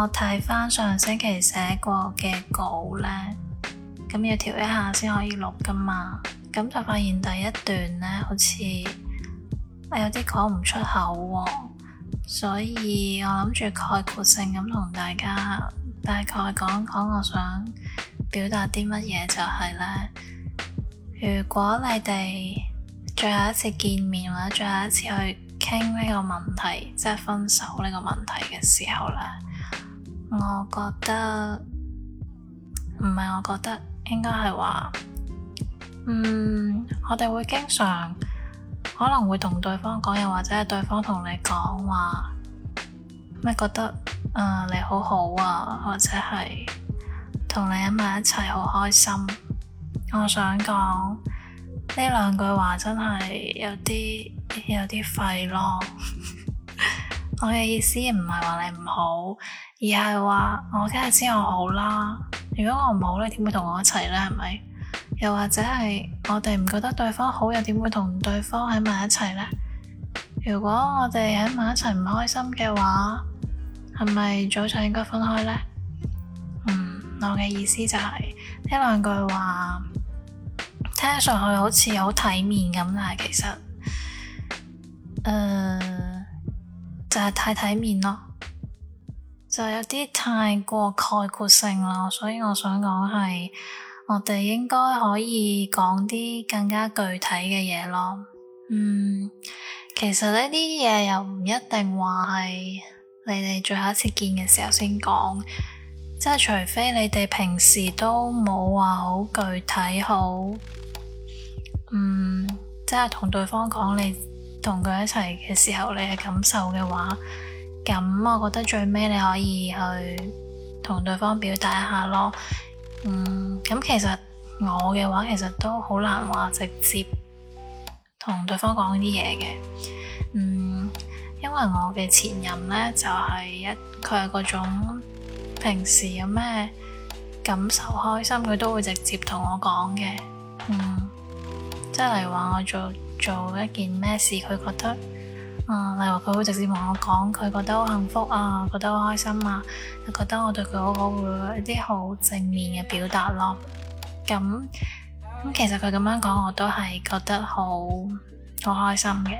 我睇翻上星期寫過嘅稿呢，咁要調一下先可以錄噶嘛。咁就發現第一段呢，好似我有啲講唔出口喎，所以我諗住概括性咁同大家大概講講，我想表達啲乜嘢就係呢：如果你哋最後一次見面或者最後一次去傾呢個問題，即係分手呢個問題嘅時候呢。我覺得唔係，我覺得應該係話，嗯，我哋會經常可能會同對方講，又或者係對方同你講話，咩覺得誒、呃、你好好啊，或者係同你喺埋一齊好開心。我想講呢兩句話真係有啲有啲廢咯。 我嘅意思唔係話你唔好，而係話我今日先我好啦。如果我唔好呢，你點會同我一齊呢？係咪？又或者係我哋唔覺得對方好，又點會同對方喺埋一齊呢？如果我哋喺埋一齊唔開心嘅話，係咪早上應該分開呢？嗯，我嘅意思就係呢兩句話聽上去好似好體面咁，但係其實，誒、呃。就係太體面咯，就有啲太過概括性咯，所以我想講係我哋應該可以講啲更加具體嘅嘢咯。嗯，其實呢啲嘢又唔一定話係你哋最後一次見嘅時候先講，即係除非你哋平時都冇話好具體好，嗯，即係同對方講你。同佢一齊嘅時候，你嘅感受嘅話，咁我覺得最尾你可以去同對方表達一下咯。嗯，咁其實我嘅話，其實都好難話直接同對方講啲嘢嘅。嗯，因為我嘅前任呢，就係一，佢係嗰種平時有咩感受開心，佢都會直接同我講嘅。嗯，即係例如話我做。做一件咩事，佢覺得啊、嗯，例如佢會直接同我講，佢覺得好幸福啊，覺得好開心啊，覺得我對佢好好，會有一啲好正面嘅表達咯。咁咁其實佢咁樣講，我都係覺得好好開心嘅，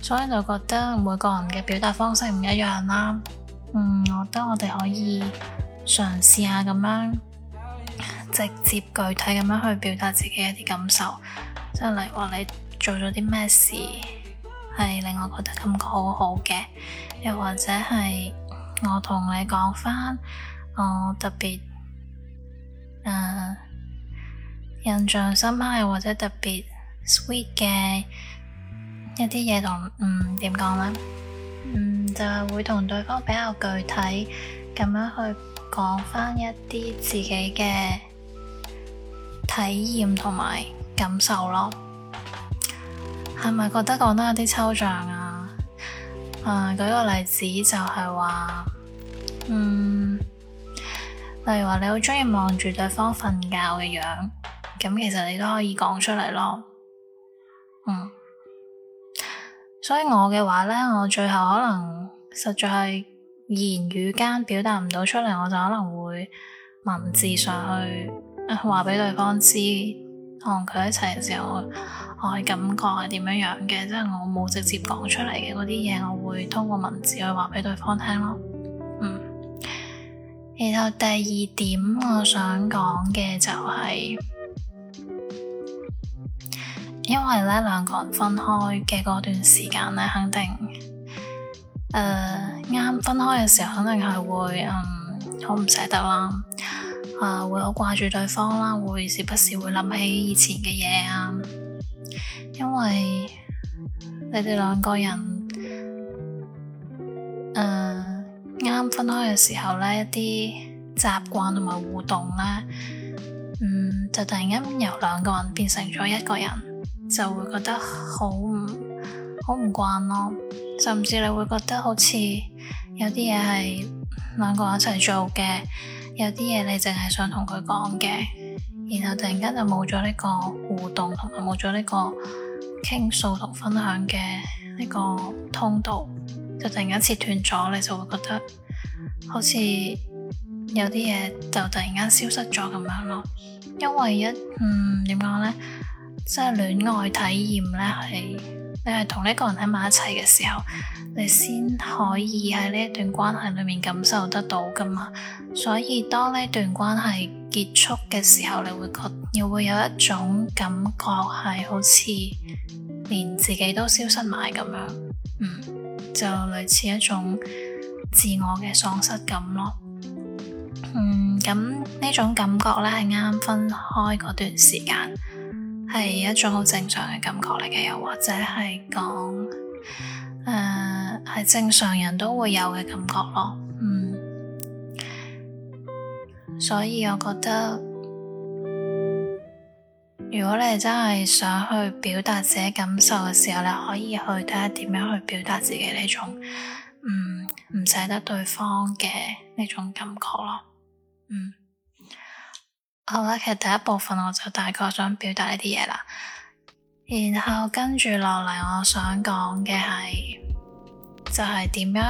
所以就覺得每個人嘅表達方式唔一樣啦。嗯，我覺得我哋可以嘗試下咁樣直接具體咁樣去表達自己一啲感受，即係例如話你做咗啲咩事，係令我覺得感覺好好嘅，又或者係我同你講翻我特別、呃、印象深刻，又或者特別 sweet 嘅一啲嘢，同嗯，點講呢？嗯，就係、是、會同對方比較具體咁樣去講翻一啲自己嘅體驗同埋感受咯。係咪覺得講得有啲抽象啊？誒、啊，舉個例子就係話，嗯，例如話你好鍾意望住對方瞓覺嘅樣，咁其實你都可以講出嚟咯。嗯，所以我嘅話咧，我最後可能實在係言語間表達唔到出嚟，我就可能會文字上去話畀、呃、對方知。同佢一齊嘅時候，我嘅感覺係點樣樣嘅，即係我冇直接講出嚟嘅嗰啲嘢，我會通過文字去話畀對方聽咯。嗯，然後第二點我想講嘅就係，因為咧兩個人分開嘅嗰段時間咧，肯定，誒、呃、啱分開嘅時候肯定係會嗯好唔捨得啦。啊，會好掛住對方啦，會時不時會諗起以前嘅嘢啊，因為你哋兩個人，誒、呃、啱分開嘅時候咧，一啲習慣同埋互動咧，嗯，就突然間由兩個人變成咗一個人，就會覺得好唔好唔慣咯，甚至你會覺得好似有啲嘢係兩個人一齊做嘅。有啲嘢你淨係想同佢講嘅，然後突然間就冇咗呢個互動，同埋冇咗呢個傾訴同分享嘅呢個通道，就突然間切斷咗，你就會覺得好似有啲嘢就突然間消失咗咁樣咯。因為一嗯，點講呢，即係戀愛體驗呢係，是你係同呢個人喺埋一齊嘅時候，你先可以喺呢一段關係裏面感受得到噶嘛。所以當呢段關係結束嘅時候，你會覺得，又會有一種感覺係好似連自己都消失埋咁樣，嗯，就類似一種自我嘅喪失感咯。嗯，咁呢種感覺咧係啱分開嗰段時間。係一種好正常嘅感覺嚟嘅，又或者係講，誒、呃、係正常人都會有嘅感覺咯。嗯，所以我覺得，如果你真係想去表達自己感受嘅時候，你可以去睇下點樣去表達自己呢種，嗯唔捨得對方嘅呢種感覺咯。嗯。好啦，其實第一部分我就大概想表達呢啲嘢啦，然後跟住落嚟，我想講嘅係，就係、是、點樣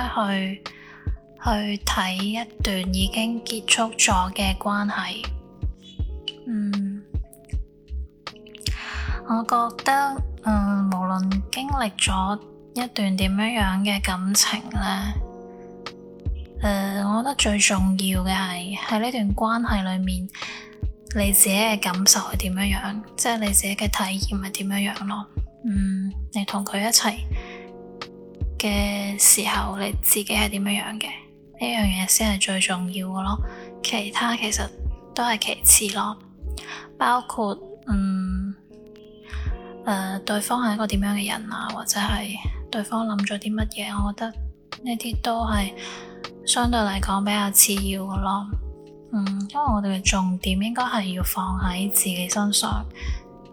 去去睇一段已經結束咗嘅關係。嗯，我覺得，嗯，無論經歷咗一段點樣樣嘅感情咧，誒、嗯，我覺得最重要嘅係喺呢段關係裏面。你自己嘅感受係點樣樣，即係你自己嘅體驗係點樣樣咯。嗯，你同佢一齊嘅時候，你自己係點樣樣嘅？呢樣嘢先係最重要嘅咯。其他其實都係其次咯。包括嗯誒、呃，對方係一個點樣嘅人啊，或者係對方諗咗啲乜嘢，我覺得呢啲都係相對嚟講比較次要嘅咯。嗯，因為我哋嘅重點應該係要放喺自己身上，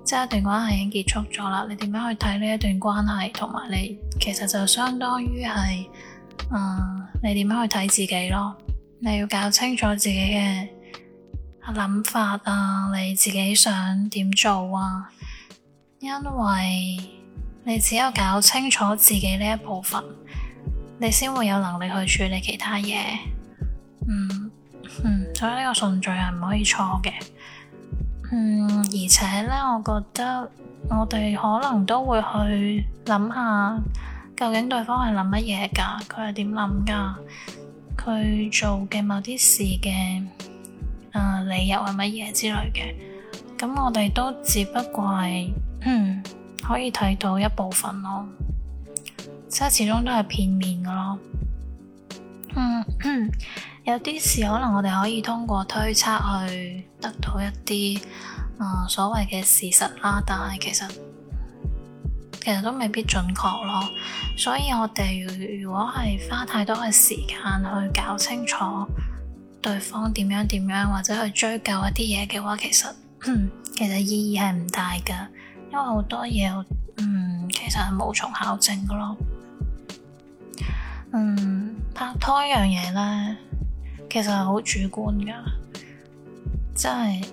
即係一段關係已經結束咗啦，你點樣去睇呢一段關係，同埋你其實就相當於係，嗯，你點樣去睇自己咯。你要搞清楚自己嘅諗法啊，你自己想點做啊？因為你只有搞清楚自己呢一部分，你先會有能力去處理其他嘢。嗯。嗯，所以呢個順序係唔可以錯嘅。嗯，而且咧，我覺得我哋可能都會去諗下，究竟對方係諗乜嘢噶，佢係點諗噶，佢做嘅某啲事嘅誒、呃、理由係乜嘢之類嘅。咁我哋都只不過係、嗯、可以睇到一部分咯，即、就、係、係、始終都係片面噶咯。嗯， 有啲事可能我哋可以通過推測去得到一啲、呃、所謂嘅事實啦，但係其實其實都未必準確咯。所以我哋如果係花太多嘅時間去搞清楚對方點樣點樣，或者去追究一啲嘢嘅話，其實其實意義係唔大噶，因為好多嘢，嗯，其實係無從考證噶咯。嗯，拍拖一樣嘢呢，其實係好主觀噶，即係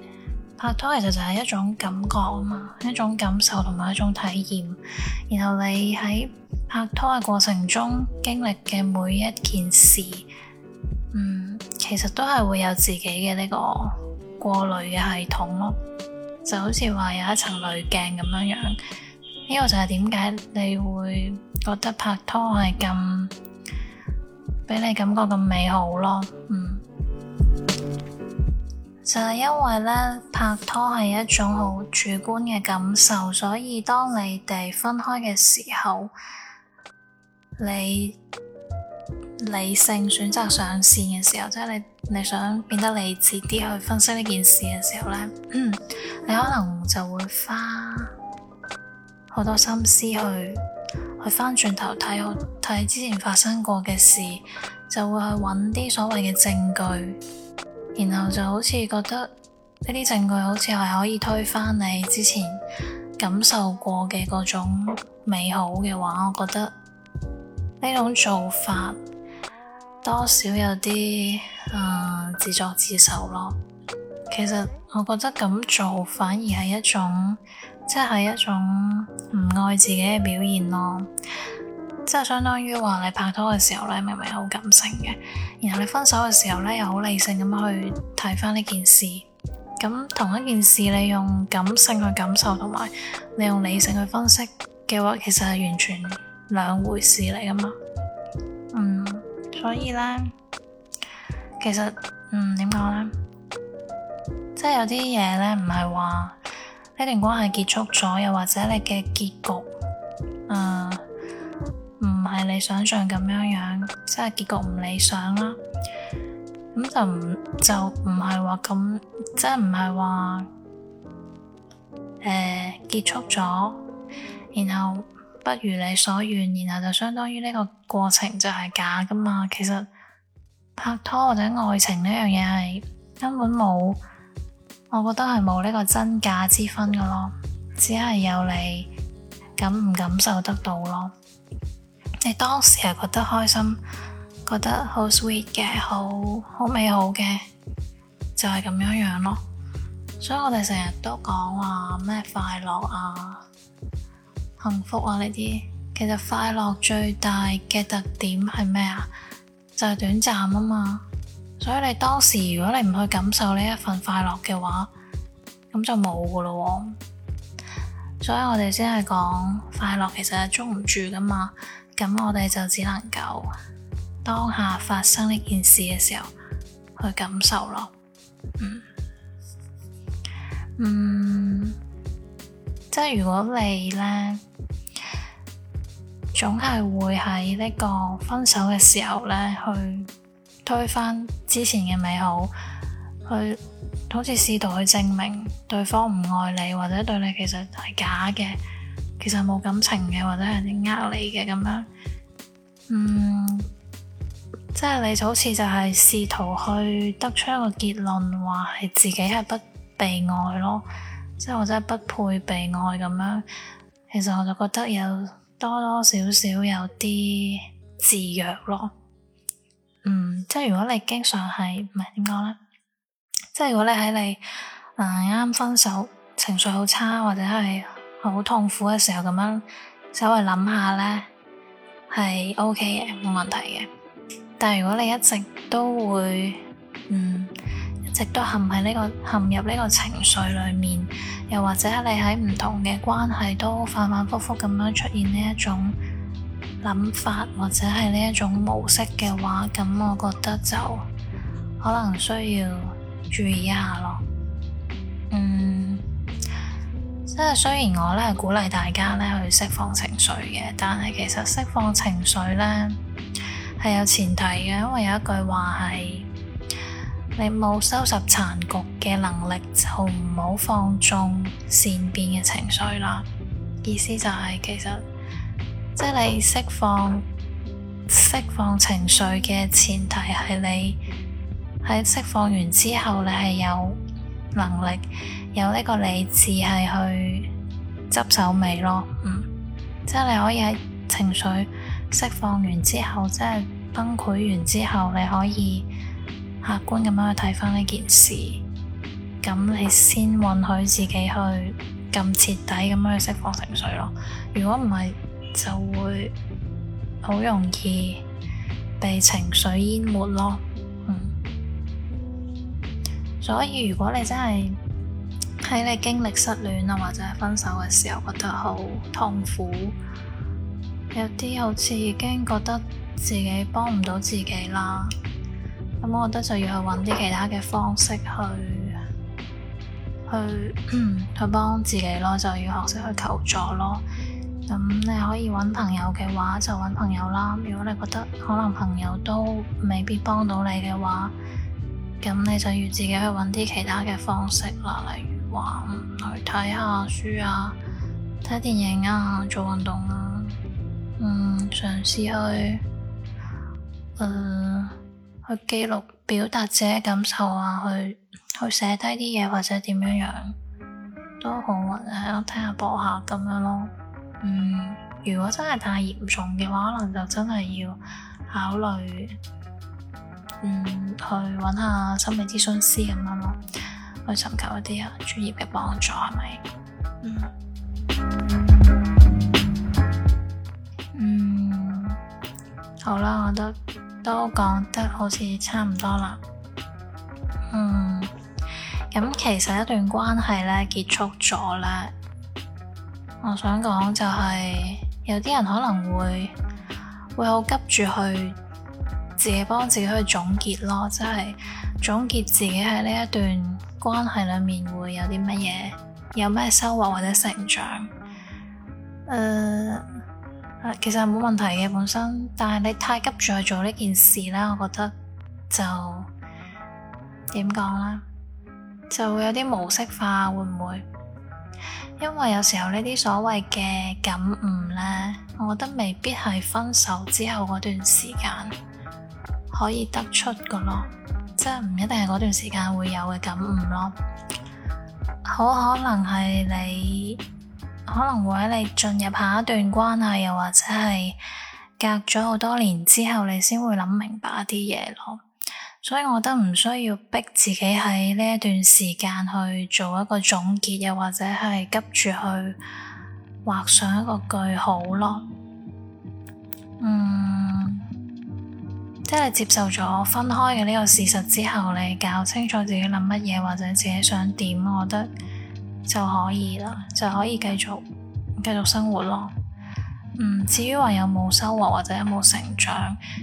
拍拖其實就係一種感覺啊嘛，一種感受同埋一種體驗。然後你喺拍拖嘅過程中經歷嘅每一件事，嗯，其實都係會有自己嘅呢個過濾嘅系統咯，就好似話有一層濾鏡咁樣樣。呢個就係點解你會覺得拍拖係咁。俾你感覺咁美好咯，嗯，就係因為咧，拍拖係一種好主觀嘅感受，所以當你哋分開嘅時候，你理性選擇上線嘅時候，即係你你想變得理智啲去分析呢件事嘅時候咧，嗯，你可能就會花好多心思去。去翻轉頭睇，我睇之前發生過嘅事，就會去揾啲所謂嘅證據，然後就好似覺得呢啲證據好似係可以推翻你之前感受過嘅嗰種美好嘅話，我覺得呢種做法多少有啲誒、呃、自作自受咯。其實我覺得咁做反而係一種。即係一種唔愛自己嘅表現咯，即係相當於話你拍拖嘅時候咧，明明好感性嘅，然後你分手嘅時候咧，又好理性咁去睇翻呢件事。咁同一件事，你用感性去感受，同埋你用理性去分析嘅話，其實係完全兩回事嚟噶嘛。嗯，所以咧，其實，嗯，點講咧？即係有啲嘢咧，唔係話。呢段關係結束咗，又或者你嘅結局，誒，唔係你想象咁樣樣，即係結局唔理想啦。咁就唔就唔係話咁，即係唔係話誒結束咗，然後不如你所願，然後就相當於呢個過程就係假噶嘛。其實拍拖或者愛情呢樣嘢係根本冇。我覺得係冇呢個真假之分噶咯，只係有你感唔感受得到咯。你當時係覺得開心，覺得好 sweet 嘅，好好美好嘅，就係咁樣樣咯。所以我哋成日都講話咩快樂啊、幸福啊呢啲，其實快樂最大嘅特點係咩啊？就係短暫啊嘛。所以你當時，如果你唔去感受呢一份快樂嘅話，咁就冇㗎咯。所以我哋先係講快樂其實係捉唔住㗎嘛。咁我哋就只能夠當下發生呢件事嘅時候去感受囉。嗯，嗯，即係如果你呢，總係會喺呢個分手嘅時候呢去推翻之前嘅美好，去好似試圖去證明對方唔愛你，或者對你其實係假嘅，其實冇感情嘅，或者係你呃你嘅咁樣。嗯，即係你好似就係試圖去得出一個結論，話係自己係不被愛咯，即係我真係不配被愛咁樣。其實我就覺得有多多少少有啲自虐咯。嗯，即係如果你經常係唔係點講咧，即係如果你喺你誒啱分手，情緒好差或者係好痛苦嘅時候咁樣，稍微諗下咧係 OK 嘅，冇問題嘅。但係如果你一直都會，嗯，一直都陷喺呢個陷入呢個情緒裏面，又或者你喺唔同嘅關係都反反復復咁樣出現呢一種。諗法或者係呢一種模式嘅話，咁我覺得就可能需要注意一下咯。嗯，即係雖然我咧鼓勵大家咧去釋放情緒嘅，但係其實釋放情緒咧係有前提嘅，因為有一句話係你冇收拾殘局嘅能力，就唔好放縱善變嘅情緒啦。意思就係、是、其實。即係你釋放釋放情緒嘅前提係你喺釋放完之後，你係有能力有呢個理智係去執手尾咯。嗯，即係你可以喺情緒釋放完之後，即係崩潰完之後，你可以客觀咁樣去睇返呢件事，咁你先允許自己去咁徹底咁樣去釋放情緒咯。如果唔係，就會好容易被情緒淹沒咯，嗯。所以如果你真係喺你經歷失戀啊或者係分手嘅時候，覺得好痛苦，有啲好似已經覺得自己幫唔到自己啦，咁我覺得就要去揾啲其他嘅方式去去 去幫自己咯，就要學識去求助咯。咁你可以揾朋友嘅話就揾朋友啦。如果你覺得可能朋友都未必幫到你嘅話，咁你就要自己去揾啲其他嘅方式啦，例如話去睇下書啊、睇電影啊、做運動啊，嗯，嘗試去，誒、呃，去記錄、表達自己嘅感受啊，去去寫低啲嘢或者點樣樣，都好啊，聽下播客咁樣咯。嗯，如果真係太嚴重嘅話，可能就真係要考慮，嗯，去揾下心理諮詢師咁樣咯，去尋求一啲啊專業嘅幫助係咪？嗯，嗯，嗯，好啦，我都都講得好似差唔多啦。嗯，咁其實一段關係咧結束咗咧。我想講就係、是、有啲人可能會會好急住去自己幫自己去總結咯，即係總結自己喺呢一段關係裏面會有啲乜嘢，有咩收穫或者成長。誒、呃，其實冇問題嘅本身，但係你太急住去做呢件事咧，我覺得就點講咧，就會有啲模式化，會唔會？因為有時候呢啲所謂嘅感悟呢，我覺得未必係分手之後嗰段時間可以得出㗎咯，即係唔一定係嗰段時間會有嘅感悟咯，好可能係你可能會喺你進入下一段關係，又或者係隔咗好多年之後，你先會諗明白一啲嘢咯。所以我覺得唔需要逼自己喺呢一段時間去做一個總結，又或者係急住去畫上一個句號咯。嗯，即係接受咗分開嘅呢個事實之後，你搞清楚自己諗乜嘢，或者自己想點，我覺得就可以啦，就可以繼續繼續生活咯。唔、嗯、至於話有冇收穫或者有冇成長，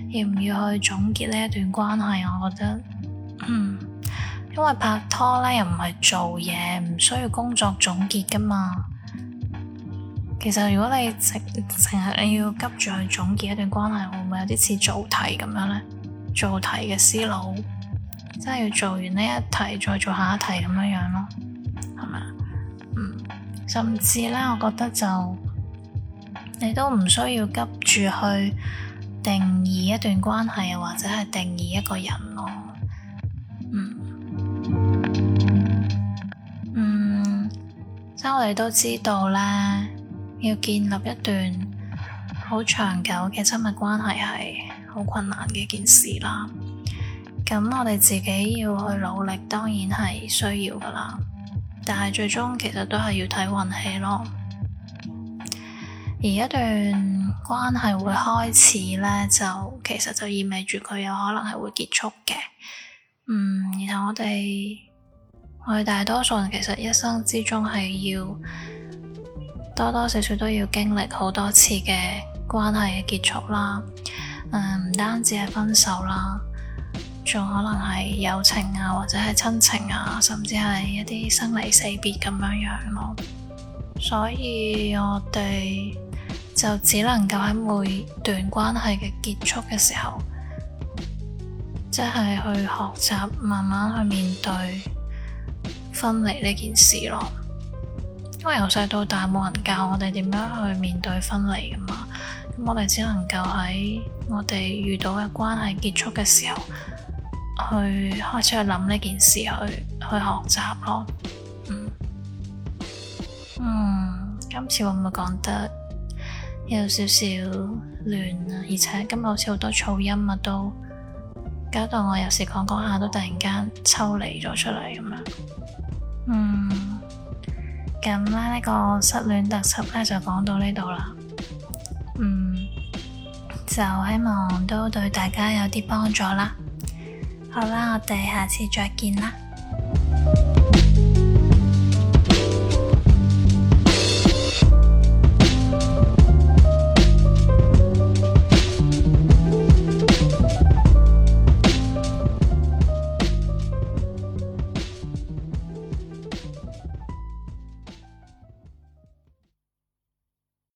要唔要去總結呢一段關係？我覺得，嗯，因為拍拖咧又唔係做嘢，唔需要工作總結噶嘛。其實如果你直成日要急住去總結一段關係，會唔會有啲似做題咁樣咧？做題嘅思路，真係要做完呢一題，再做下一題咁樣樣咯，係咪啊？嗯，甚至咧，我覺得就。你都唔需要急住去定義一段關係，或者係定義一個人咯。嗯，嗯，即係我哋都知道咧，要建立一段好長久嘅親密關係係好困難嘅一件事啦。咁我哋自己要去努力，當然係需要噶啦。但係最終其實都係要睇運氣咯。而一段關係會開始咧，就其實就意味住佢有可能係會結束嘅。嗯，然後我哋我哋大多數人其實一生之中係要多多少少都要經歷好多次嘅關係嘅結束啦。嗯，唔單止係分手啦，仲可能係友情啊，或者係親情啊，甚至係一啲生離死別咁樣樣咯。所以我哋。就只能夠喺每段關係嘅結束嘅時候，即係去學習，慢慢去面對分離呢件事咯。因為由細到大冇人教我哋點樣去面對分離噶嘛，咁我哋只能夠喺我哋遇到嘅關係結束嘅時候，去開始去諗呢件事，去去學習咯。嗯。嗯，今次會唔會講得？有少少亂啊，而且今日好似好多噪音啊都，都搞到我有時講講下都突然間抽離咗出嚟咁樣。嗯，咁啦，呢個失戀特輯咧就講到呢度啦。嗯，就希望都對大家有啲幫助啦。好啦，我哋下次再見啦。